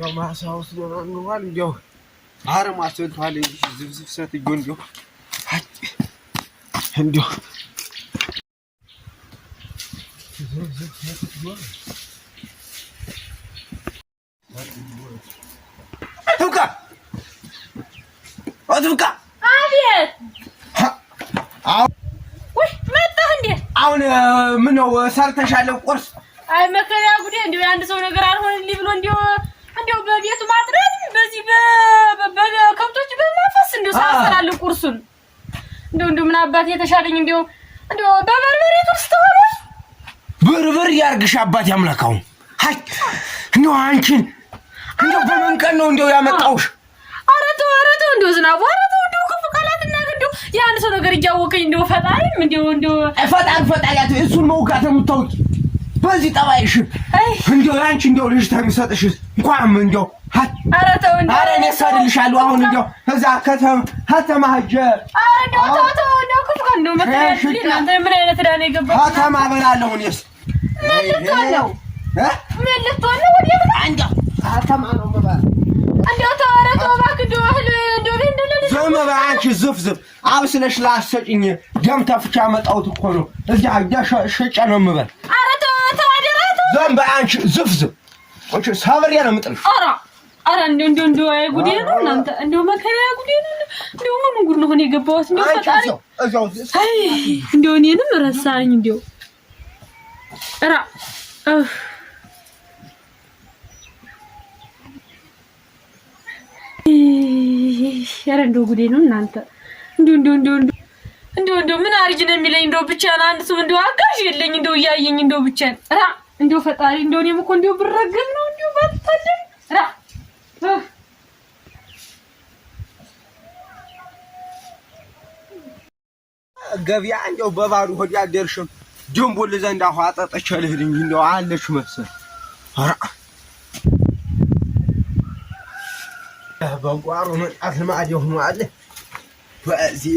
ያው ማሳ ውስጥ ገባንዋል እንዲያው አረም አስበልቷል እንጂ ዝብዝብ ሰትዮ እንዲያው እንዲያው ዝብዝብ ሰትዮ ትብቃ ትብቃ አሁን ምነው ሰርተሻለ ቁርስ አይ መከሪያ ጉዴ እንዲያው የአንድ ሰው ነገር አልሆንልኝ ብሎ እንዲያው እንደው በቤቱ ማጥረት በዚህ በከብቶች በማፈስ እንደው ሳስተላል ቁርሱን እንደው እንደው ምን አባት የተሻለኝ እንደው እንደው በበርበሬ ጥብስ ተሆነ ብርብር ያርግሽ አባት ያምላካው። አይ እንደው አንቺን እንደው በመንቀን ነው እንደው ያመጣውሽ። ኧረ ተው ኧረ ተው እንደው ዝናቡ ኧረ ተው እንደው ክፉ ቃላት እና እንደው ያን ሰው ነገር እያወቀኝ እንደው ፈጣሪም እንደው እንደው ፈጣሪ ፈጣሪያት እሱን መውጋት ነው የምታውቂ በዚህ ጠባይሽ እንደው አንቺ እንደው ልጅ ተሚሰጥሽ ቋም እንደው ኧረ ተው እንደው ኧረ እኔ እሰድልሻለሁ አሁን እንደው እዛ ከተማ ከተማ ሂጅ ከተማ እበላለሁ እኔስ ዝም በይ አንቺ ዝፍ ዝፍ አብስለሽ ላሰጭኝ ደም ተፍቻ መጣሁት እኮ ነው እዚያ ሽጬ ነው የምበል ዝም በይ አንቺ ዝፍ ዝፍ ኦኬ ሳበሪያ ነው የምጥልሽ። ኧረ ኧረ እንደው እንደው እንደው አይ ጉዴ ነው እናንተ እንደው መከራ ጉዴ ነው እንደው ምን ጉድ ነው እኔ የገባሁት እንደው ፈጣሪ አይ እንደው እኔንም ረሳኝ እንደው ኧረ ኧረ እንደው ጉዴ ነው እናንተ እንደው ምን አርጅ ነው የሚለኝ እንደው ብቻ አንድ ሰው እንደው አጋዥ የለኝ እንደው እያየኝ እንደው ብቻ ኧረ እንዲሁ ፈጣሪ እንደሆነ እኔም እኮ እንደው ብረገም ነው እንደው ባታለም ራ ገቢያ እንደው በባዶ ሆድ አደርሽም ድንቡል ዘንድ አሁን አጠጠች ልሂድ እንጂ እንደው አለች መሰል ኧረ በጓሮ መጣት ልማድ የሆኑ አለ በዚህ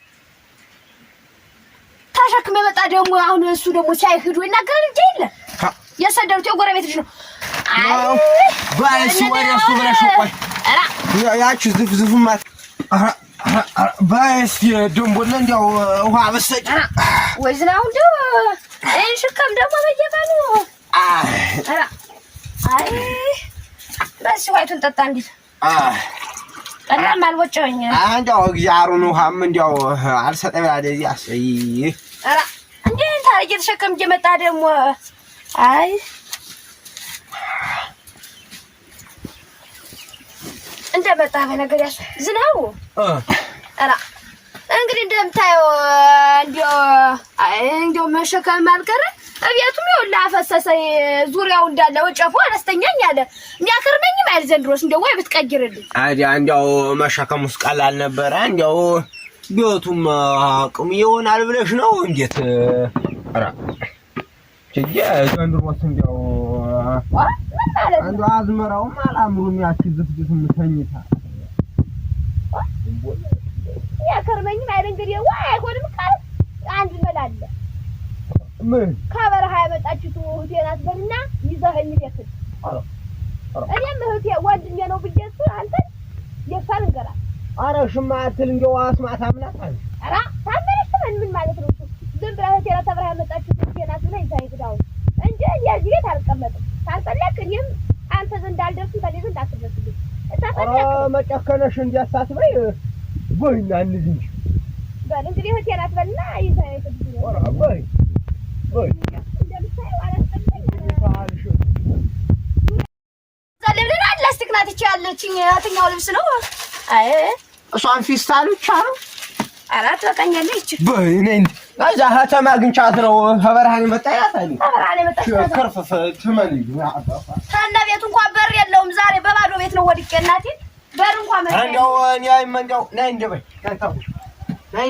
ከመጣ ደግሞ አሁን እሱ ደግሞ ሲያይህዱ ይናገራል እንጂ የለ የሰደሩት የጎረቤት ልጅ ነው። ባሱ ዝፍ ዝፍ ማት ባስ ደንቦለ እንዲያው ውሃ በሰጭ ወይ ዝናው እንደው ይህን ሽከም ደግሞ በየቀኑ አይ በስ ውሃይቱን ጠጣ እንዲል ቀላም አልወጨኝ አንዳው እግዚአብሔርን ውሃም እንዲያው አልሰጠም ያለ ያሰይ አራ እንዴ እየተሸከም እየመጣ ደግሞ አይ እንደመጣ በነገር ያሱ ዝናቡ እንግዲህ እንደምታየው እንዲያው እንዲያው መሸከም አልቀረ እቤቱም ይኸውልህ አፈሰሰ ዙሪያው እንዳለ ወጨፉ አነስተኛኝ አለ የሚያከርመኝም አይደል ዘንድሮስ እንደው ወይ ብትቀይርልኝ አዲያ እንዲያው ውስጥ ቀላል ነበረ እንዲያው ቤቱም አቅም ይሆናል ብለሽ ነው እንዴት ኧረ ችዬ ዘንድሮስ እንዲያው እንደው አዝመራውም አላምሩም ያቺ ዝፍዝፍ ምተኝታ የሚያከርመኝም አይደል እንግዲህ ወይ አይሆንም ቃል አንድ መላለ ምን ከበረሃ ያመጣችሁት እህቴ ናት በልና ይዘኸኝ ትክል እኔም እህቴ ወንድሜ ነው ብዬሽ አንተ የሳል እንገራት አረ ሽማ አትል እንደው አስማት አምናት አለ ኧረ ታመረሽ ምን ምን ማለት ነው ዝም ብለህ እህቴ ናት ከበረሃ ያመጣችሁት እህቴ ናት ብለህ ይዘኸኝ ትዳው እንጂ የዚህ ቤት አልቀመጥም ካልፈለክ እኔም አንተ ዘንድ አልደርስም ከእኔ ዘንድ አትደርስልኝ ታፈለክ መጨከነሽ እንዲያሳስበኝ በይና እንሂድ እንጂ በል እንግዲህ እህቴ ናት በልና ይዘኸኝ ትዳው ላስቲክ ናት ይቺ ያለችኝ የትኛው ልብስ ነው? አይ እሷን ፊስታል ብቻ ነው። አራት በቃኛለች። በእኔን እዛ ከተማ አግኝቻት ነው ከበረሃን የመጣያት አለ ከበረሃን የመጣያት ከርፈፈ ትመን ከእነ ቤቱ እንኳን በር የለውም። ዛሬ በባዶ ቤት ነው ወድቄ እናቴ በር እንኳን መጣ እንደው ነይ እንደው ነይ እንደበይ ነይ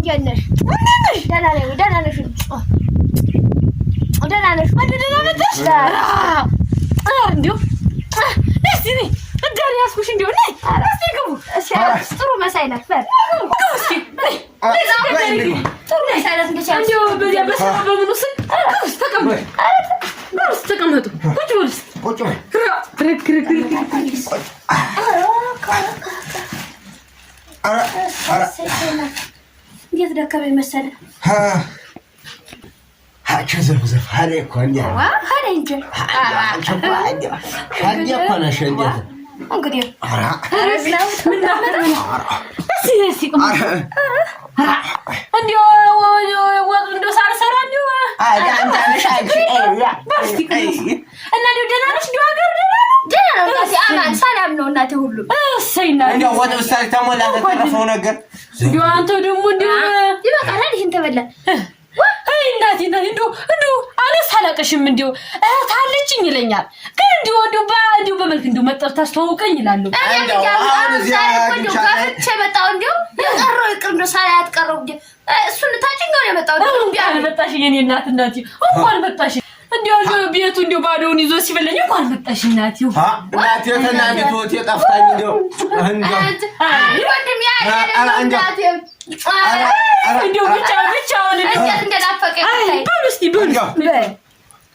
እንዴት ነሽ? ደህና ነኝ። ደህና ነሽ? እንዴት ደከመኝ መሰለህ። አቸዘፍዘፍ ሀደ እኮ ተሞላ ተረፈው ነገር እንደው አንተ ደግሞ እንደው ይበቃል። ይህን ተበላ አላቅሽም እንዲሁ እህት አለችኝ ይለኛል። ግን እንዲሁ እንዲሁ እንዲሁ በመልክ እንዲሁ መጠር ታስተዋውቀኝ ይላሉ። ቻ የመጣው እንዲሁ የቀረ ይቅር እንደ ሳ ያትቀረው እንዲ እሱን ታችኛውን የመጣው እንኳን መጣሽ የኔ እናት እናት እንኳን መጣሽ እንዲሁ ቤቱ እንዲሁ ባዶውን ይዞ ሲበለኝ እንኳን መጣሽ እናት እናት ተናግቶት የጠፍታኝ እንዲሁ እንዲሁ ብቻ ብቻውን እንደ ናፈቀኝ በሉ እስኪ በሉ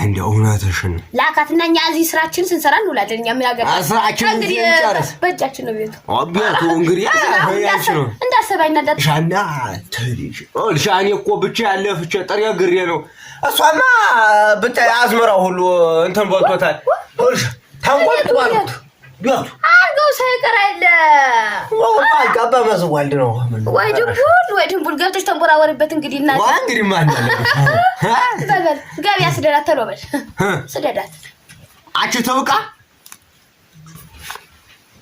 አንድ እውነትሽን ላካትና እኛ እዚህ ስራችን ስንሰራ እንውላለን። እኛ ምን አገባን? ስራችን እንግዲህ በእጃችን ነው ቤቱ። ቤቱ እንግዲህ ነው እንዳሰባ ይናዳት ሻና ትልጅ ሻኔ እኮ ብቻ ያለ ፍቼ ጥሬ ግሬ ነው። እሷማ ብታይ አዝመራው ሁሉ እንትን በልቶታል። ተንቆጥቋሉት አርገው ሳይቀር አለ አባ ማዘዋልድ ነው ወይ ድንቡል ወይ ድንቡል ገብተሽ ተንቆራወሪበት። እንግዲህ እና እንግዲህ ማን በል ገቢ ስደዳት ተሎበል ስደዳት አችሁ ተውቃ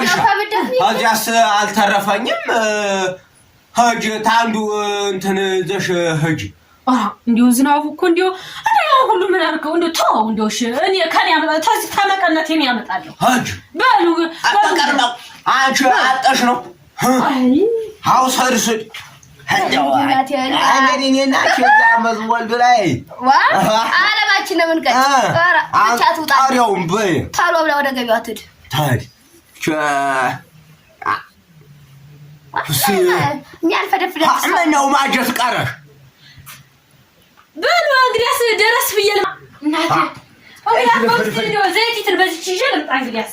ይመጣል ከዚያስ አልተረፈኝም። ሂጅ ታንዱ እንትን ዘሽ ሂጅ እንዲሁ ዝናቡ እኮ እንዲሁ እንዲሁ ሁሉ ምን አድርገው እንዲሁ ተው እንዲሁ እኔ ከኔ ተመቀነት እኔ ያመጣለሁ። ሂጅ በሉ በሉ፣ አንቺ አጠሽ ነው አውሰድስድ መዝወልዱ ላይ አለማችን ነው ብላ ወደ ገቢዋ ትድ ምነው ማጀት ቀረሽ? በሉ እንግዲያስ ደረስ ብዬሽ ዘይቲትን በዚህች ይዤ ልምጣ እንግዲያስ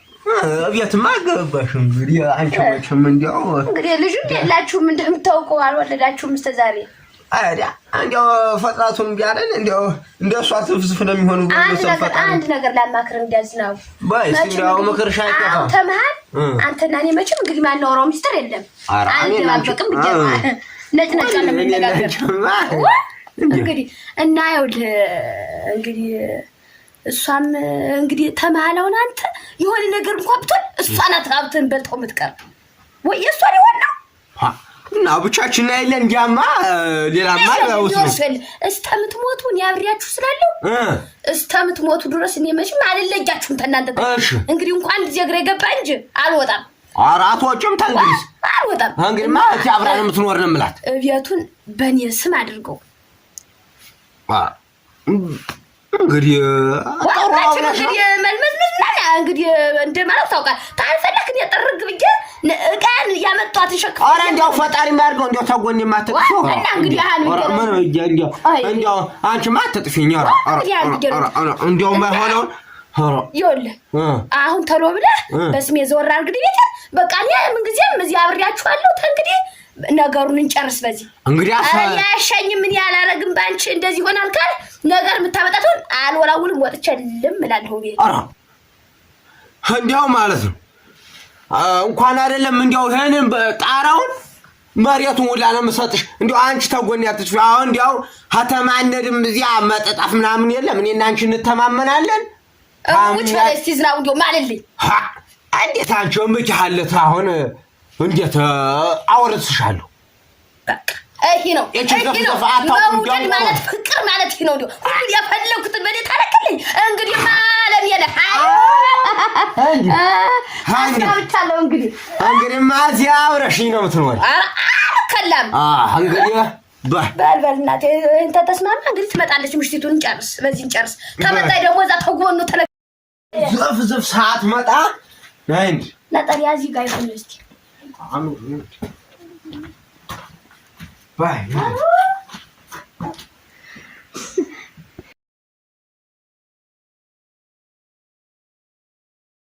እቤትማ አልገባሽም። እንግዲህ አንቺ መቼም እንዲያው እንግዲህ ልጁ የላችሁም እንደምታውቀው አልወለዳችሁም እስከ ዛሬ። አዳ እንዲያው ፈጥራቱን ቢያለን እንዲያው እንደ እሷ ትፍስፍ እንደሚሆኑ አንድ ነገር ላማክር እንዲያዝናቡ በስንዲያው ምክርሻ አይከፋም። ተመሃል አንተና እኔ መቼም እንግዲህ ማናወራው ሚስጥር የለም አንደባበቅም ብያማ ነጭ ነጭ ለመነጋገር እንግዲህ እና ይኸውልህ እንግዲህ እሷም እንግዲህ ተመሃላውን አንተ የሆነ ነገር እንኳ ብትሆን እሷ ናት ሀብትን በልጠው የምትቀር ወይ የእሷ ሊሆን ነው እና ብቻችን ና የለን እንዲያማ ሌላማ እስከምትሞቱ እኔ አብሬያችሁ ስላለሁ እስከምትሞቱ ድረስ እኔ መቼም አልለያችሁም። ተናንተ እንግዲህ እንኳ አንድ ጊዜ እግሬ ገባ እንጂ አልወጣም። አራት ወጭም ተንግዲህ አልወጣም። እንግዲህማ እቲ አብራ ነው የምትኖር ነው የምላት። እቤቱን በእኔ ስም አድርገው እንግዲህ ታውቃችን እንግዲህ መልመዝመዝ ምናምን እንግዲህ እንደ ማለት ካልፈለክ እኔ ጥርግ ብዬ እቃን ያመጧት ሸክፍ ኧረ እንዲያው ፈጣሪ ማድርገው እንዲያው ተጎን የማትጥፊ እንዲያው አንቺማ አትጥፊኝ። እንዲያው የማይሆነውን ይኸውልህ አሁን ተሎ ብለህ በስሜ ዘወር አድርግ በቃ እኔ ምንጊዜም እዚህ አብሬያችኋለሁ ተንግዲህ ነገሩን እንጨርስ። በዚህ እንግዲህ ያሸኝ ምን ያላረግም ባንቺ እንደዚህ ይሆናል ካል ነገር የምታመጣትን አልወላውልም ወጥቼልም እላለሁ። እንዲያው ማለት ነው እንኳን አይደለም እንዲያው ይህንን ጣራውን መሬቱን ውላ ነው የምሰጥሽ። እንዲያው አንቺ ተጎን ያትሽ አሁን እንዲያው ከተማነድም እዚያ መጠጣፍ ምናምን የለም። እኔና አንቺ እንተማመናለን። ውጭ በላይ እስቲ ዝናቡ እንዲያው ማለልኝ እንዴት አንቺ ምችሃለት አሁን እንዴት አወረስሻለሁ። ይሄ ነው መውደድ ማለት ፍቅር ማለት ይሄ ነው። እንዲ የፈለኩትን በዴ ታረክልኝ እንግዲህ ማለም የለ አስጋብቻለሁ። እንግዲህ እንግዲህ ማዚያ አብረሽኝ ነው የምትኖሪ። አልከላም እንግዲህ በልበል እናቴ ተስማማ እንግዲህ ትመጣለች። ምሽቱን እንጨርስ፣ በዚህ እንጨርስ። ተመጣይ ደግሞ እዛ ተጎኑ ተለ ዘፍ ዘፍ ሰዓት መጣ ነጠል ያዚ ጋር ይሆን እስኪ 阿奴，拜。